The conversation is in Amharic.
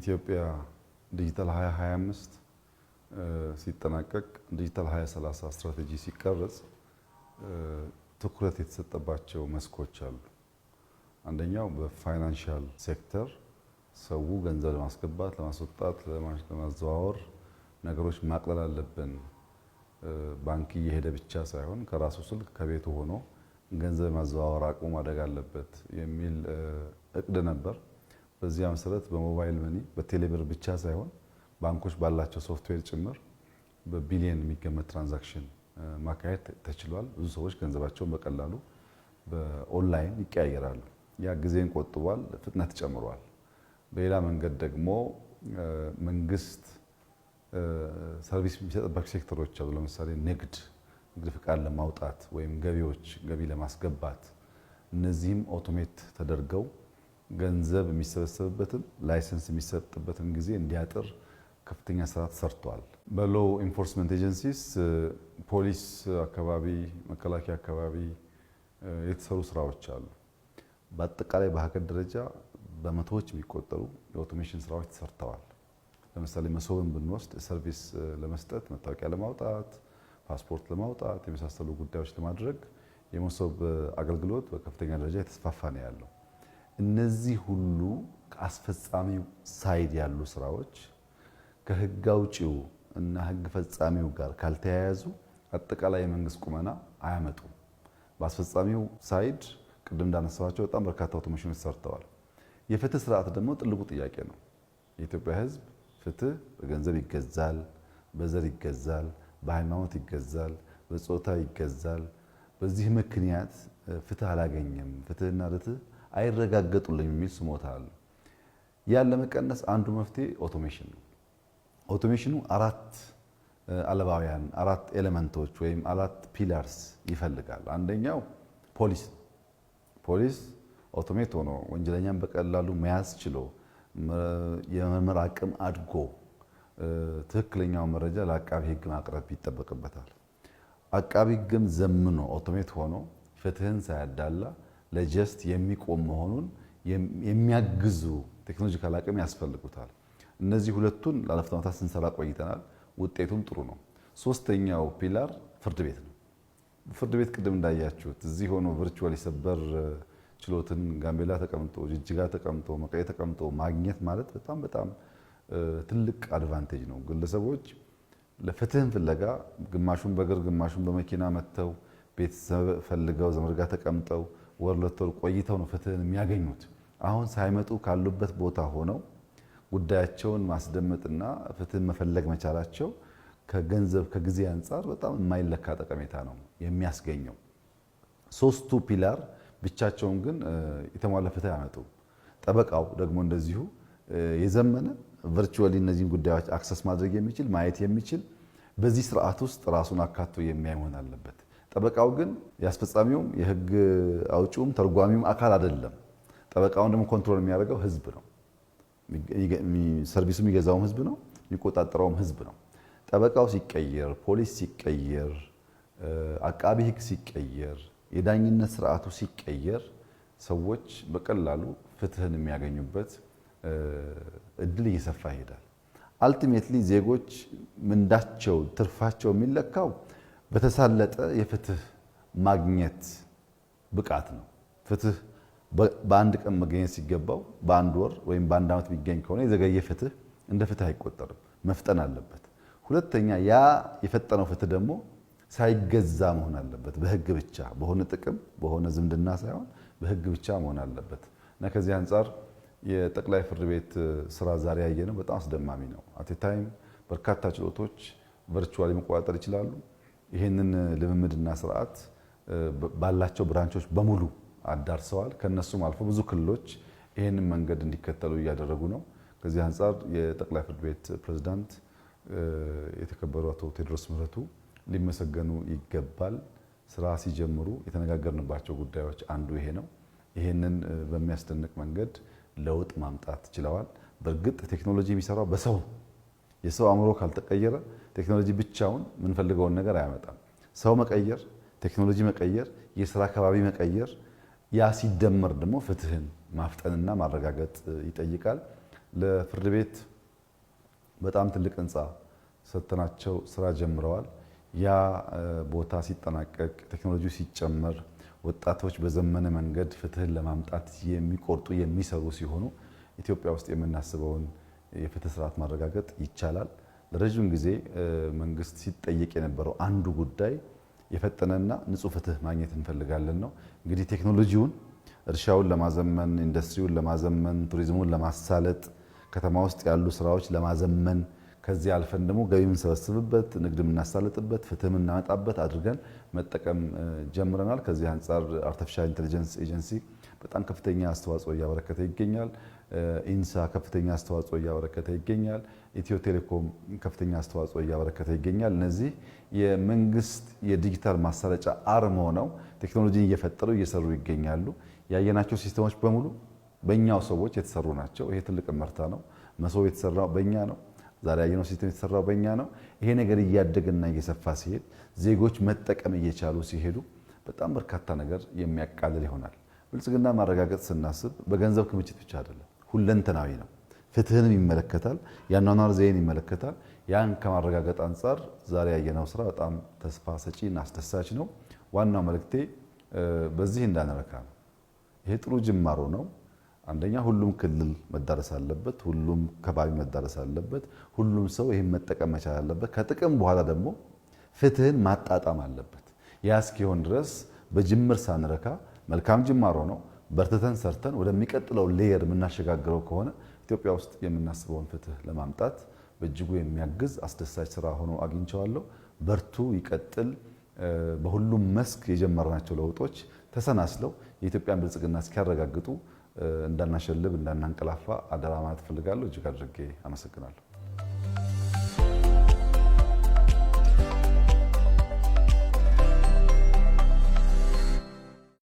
የኢትዮጵያ ዲጂታል 2025 ሲጠናቀቅ ዲጂታል 2030 ስትራቴጂ ሲቀረጽ ትኩረት የተሰጠባቸው መስኮች አሉ። አንደኛው በፋይናንሻል ሴክተር ሰው ገንዘብ ለማስገባት፣ ለማስወጣት፣ ለማዘዋወር ነገሮች ማቅለል አለብን። ባንክ እየሄደ ብቻ ሳይሆን ከራሱ ስልክ ከቤቱ ሆኖ ገንዘብ ማዘዋወር አቅሙ ማደግ አለበት የሚል እቅድ ነበር። በዚያ መሰረት በሞባይል መኒ በቴሌብር ብቻ ሳይሆን ባንኮች ባላቸው ሶፍትዌር ጭምር በቢሊየን የሚገመት ትራንዛክሽን ማካሄድ ተችሏል። ብዙ ሰዎች ገንዘባቸውን በቀላሉ በኦንላይን ይቀያየራሉ። ያ ጊዜን ቆጥቧል፣ ፍጥነት ጨምሯል። በሌላ መንገድ ደግሞ መንግስት ሰርቪስ የሚሰጥባቸው ሴክተሮች አሉ። ለምሳሌ ንግድ ንግድ ፍቃድ ለማውጣት ወይም ገቢዎች ገቢ ለማስገባት እነዚህም ኦቶሜት ተደርገው ገንዘብ የሚሰበሰብበትን ላይሰንስ የሚሰጥበትን ጊዜ እንዲያጥር ከፍተኛ ስራ ተሰርቷል። በሎ ኢንፎርስመንት ኤጀንሲስ ፖሊስ አካባቢ፣ መከላከያ አካባቢ የተሰሩ ስራዎች አሉ። በአጠቃላይ በሀገር ደረጃ በመቶዎች የሚቆጠሩ የኦቶሜሽን ስራዎች ተሰርተዋል። ለምሳሌ መሶብን ብንወስድ ሰርቪስ ለመስጠት መታወቂያ ለማውጣት፣ ፓስፖርት ለማውጣት የመሳሰሉ ጉዳዮች ለማድረግ የመሶብ አገልግሎት በከፍተኛ ደረጃ የተስፋፋ ነው ያለው። እነዚህ ሁሉ ከአስፈጻሚው ሳይድ ያሉ ስራዎች ከህግ አውጪው እና ህግ ፈጻሚው ጋር ካልተያያዙ አጠቃላይ የመንግስት ቁመና አያመጡም። በአስፈጻሚው ሳይድ ቅድም እንዳነሳቸው በጣም በርካታ አውቶሞሽኖች ሰርተዋል። የፍትህ ስርዓት ደግሞ ጥልቁ ጥያቄ ነው። የኢትዮጵያ ህዝብ ፍትህ በገንዘብ ይገዛል፣ በዘር ይገዛል፣ በሃይማኖት ይገዛል፣ በጾታ ይገዛል። በዚህ ምክንያት ፍትህ አላገኘም። ፍትህና ርትህ አይረጋገጡልኝ የሚል ስሞታ አለ። ያን ለመቀነስ አንዱ መፍትሄ ኦቶሜሽን ነው። ኦቶሜሽኑ አራት አለባውያን አራት ኤሌመንቶች ወይም አራት ፒላርስ ይፈልጋል። አንደኛው ፖሊስ ነው። ፖሊስ ኦቶሜት ሆኖ ወንጀለኛን በቀላሉ መያዝ ችሎ የመመርመር አቅም አድጎ ትክክለኛው መረጃ ለአቃቢ ሕግ ማቅረብ ይጠበቅበታል። አቃቢ ሕግም ዘምኖ ኦቶሜት ሆኖ ፍትህን ሳያዳላ ለጀስት የሚቆም መሆኑን የሚያግዙ ቴክኖሎጂካል አቅም ያስፈልጉታል። እነዚህ ሁለቱን ላለፉት ዓመታት ስንሰራ ቆይተናል። ውጤቱም ጥሩ ነው። ሶስተኛው ፒላር ፍርድ ቤት ነው። ፍርድ ቤት ቅድም እንዳያችሁት እዚህ ሆኖ ቨርቹዋል የሰበር ችሎትን ጋምቤላ ተቀምጦ፣ ጅጅጋ ተቀምጦ፣ መቀሌ ተቀምጦ ማግኘት ማለት በጣም በጣም ትልቅ አድቫንቴጅ ነው። ግለሰቦች ለፍትህን ፍለጋ ግማሹን በእግር ግማሹን በመኪና መጥተው ቤተሰብ ፈልገው ዘመድ ጋር ተቀምጠው ወር ለወር ቆይተው ነው ፍትህን የሚያገኙት። አሁን ሳይመጡ ካሉበት ቦታ ሆነው ጉዳያቸውን ማስደመጥና ፍትህን መፈለግ መቻላቸው ከገንዘብ ከጊዜ አንጻር በጣም የማይለካ ጠቀሜታ ነው የሚያስገኘው። ሶስቱ ፒላር ብቻቸውን ግን የተሟላ ፍትህ አያመጡም። ጠበቃው ደግሞ እንደዚሁ የዘመነ ቨርቹዋሊ እነዚህን ጉዳዮች አክሰስ ማድረግ የሚችል ማየት የሚችል በዚህ ስርዓት ውስጥ ራሱን አካቶ የሚያይ መሆን አለበት። ጠበቃው ግን የአስፈጻሚውም የህግ አውጪውም ተርጓሚውም አካል አይደለም። ጠበቃውን ደግሞ ኮንትሮል የሚያደርገው ህዝብ ነው። ሰርቪሱ የሚገዛውም ህዝብ ነው፣ የሚቆጣጠረውም ህዝብ ነው። ጠበቃው ሲቀየር፣ ፖሊስ ሲቀየር፣ አቃቢ ህግ ሲቀየር፣ የዳኝነት ስርዓቱ ሲቀየር ሰዎች በቀላሉ ፍትህን የሚያገኙበት እድል እየሰፋ ይሄዳል። አልቲሜትሊ ዜጎች ምንዳቸው ትርፋቸው የሚለካው በተሳለጠ የፍትህ ማግኘት ብቃት ነው። ፍትህ በአንድ ቀን መገኘት ሲገባው በአንድ ወር ወይም በአንድ ዓመት የሚገኝ ከሆነ የዘገየ ፍትህ እንደ ፍትህ አይቆጠርም። መፍጠን አለበት። ሁለተኛ ያ የፈጠነው ፍትህ ደግሞ ሳይገዛ መሆን አለበት። በህግ ብቻ በሆነ ጥቅም በሆነ ዝምድና ሳይሆን በህግ ብቻ መሆን አለበት እና ከዚህ አንጻር የጠቅላይ ፍርድ ቤት ስራ ዛሬ ያየነው በጣም አስደማሚ ነው። አቴታይም በርካታ ችሎቶች ቨርቹዋል መቆጣጠር ይችላሉ። ይህንን ልምምድና ስርዓት ባላቸው ብራንቾች በሙሉ አዳርሰዋል። ከነሱም አልፎ ብዙ ክልሎች ይህንን መንገድ እንዲከተሉ እያደረጉ ነው። ከዚህ አንጻር የጠቅላይ ፍርድ ቤት ፕሬዝዳንት የተከበሩ አቶ ቴዎድሮስ ምህረቱ ሊመሰገኑ ይገባል። ስራ ሲጀምሩ የተነጋገርንባቸው ጉዳዮች አንዱ ይሄ ነው። ይህንን በሚያስደንቅ መንገድ ለውጥ ማምጣት ችለዋል። በእርግጥ ቴክኖሎጂ የሚሰራው በሰው የሰው አእምሮ ካልተቀየረ ቴክኖሎጂ ብቻውን የምንፈልገውን ነገር አያመጣም። ሰው መቀየር፣ ቴክኖሎጂ መቀየር፣ የስራ አካባቢ መቀየር፣ ያ ሲደመር ደግሞ ፍትህን ማፍጠንና ማረጋገጥ ይጠይቃል። ለፍርድ ቤት በጣም ትልቅ ህንፃ ሰጥተናቸው ስራ ጀምረዋል። ያ ቦታ ሲጠናቀቅ ቴክኖሎጂ ሲጨመር ወጣቶች በዘመነ መንገድ ፍትህን ለማምጣት የሚቆርጡ የሚሰሩ ሲሆኑ ኢትዮጵያ ውስጥ የምናስበውን የፍትህ ስርዓት ማረጋገጥ ይቻላል። ለረዥም ጊዜ መንግስት ሲጠየቅ የነበረው አንዱ ጉዳይ የፈጠነና ንጹህ ፍትህ ማግኘት እንፈልጋለን ነው። እንግዲህ ቴክኖሎጂውን እርሻውን ለማዘመን፣ ኢንዱስትሪውን ለማዘመን፣ ቱሪዝሙን ለማሳለጥ፣ ከተማ ውስጥ ያሉ ስራዎች ለማዘመን ከዚህ አልፈን ደግሞ ገቢ የምንሰበስብበት፣ ንግድ የምናሳልጥበት፣ ፍትህ የምናመጣበት አድርገን መጠቀም ጀምረናል። ከዚህ አንጻር አርቲፊሻል ኢንቴሊጀንስ ኤጀንሲ በጣም ከፍተኛ አስተዋጽኦ እያበረከተ ይገኛል። ኢንሳ ከፍተኛ አስተዋጽኦ እያበረከተ ይገኛል። ኢትዮ ቴሌኮም ከፍተኛ አስተዋጽኦ እያበረከተ ይገኛል። እነዚህ የመንግስት የዲጂታል ማሰረጫ አርም ሆነው ቴክኖሎጂን እየፈጠሩ እየሰሩ ይገኛሉ። ያየናቸው ሲስተሞች በሙሉ በእኛው ሰዎች የተሰሩ ናቸው። ይሄ ትልቅ መርታ ነው። መሶብ የተሰራው በእኛ ነው። ዛሬ ያየነው ሲስተም የተሰራው በእኛ ነው። ይሄ ነገር እያደገና እየሰፋ ሲሄድ፣ ዜጎች መጠቀም እየቻሉ ሲሄዱ በጣም በርካታ ነገር የሚያቃልል ይሆናል። ብልጽግና ማረጋገጥ ስናስብ በገንዘብ ክምችት ብቻ አይደለም፣ ሁለንተናዊ ነው። ፍትህንም ይመለከታል፣ የአኗኗር ዘይቤን ይመለከታል። ያን ከማረጋገጥ አንጻር ዛሬ ያየነው ስራ በጣም ተስፋ እና አስደሳች ነው። ዋናው መልእክቴ በዚህ እንዳንረካ ነው። ይሄ ጥሩ ጅማሮ ነው። አንደኛ ሁሉም ክልል መዳረስ አለበት፣ ሁሉም ከባቢ መዳረስ አለበት፣ ሁሉም ሰው ይህን መጠቀም መቻል አለበት። ከጥቅም በኋላ ደግሞ ፍትህን ማጣጣም አለበት። ያ እስኪሆን ድረስ በጅምር ሳንረካ መልካም ጅማሮ ነው። በርትተን ሰርተን ወደሚቀጥለው ሌየር የምናሸጋግረው ከሆነ ኢትዮጵያ ውስጥ የምናስበውን ፍትህ ለማምጣት በእጅጉ የሚያግዝ አስደሳች ስራ ሆኖ አግኝቸዋለሁ። በርቱ፣ ይቀጥል። በሁሉም መስክ የጀመርናቸው ለውጦች ተሰናስለው የኢትዮጵያን ብልጽግና እስኪያረጋግጡ እንዳናሸልብ፣ እንዳናንቀላፋ አደራ ማለት እፈልጋለሁ። እጅግ አድርጌ አመሰግናለሁ።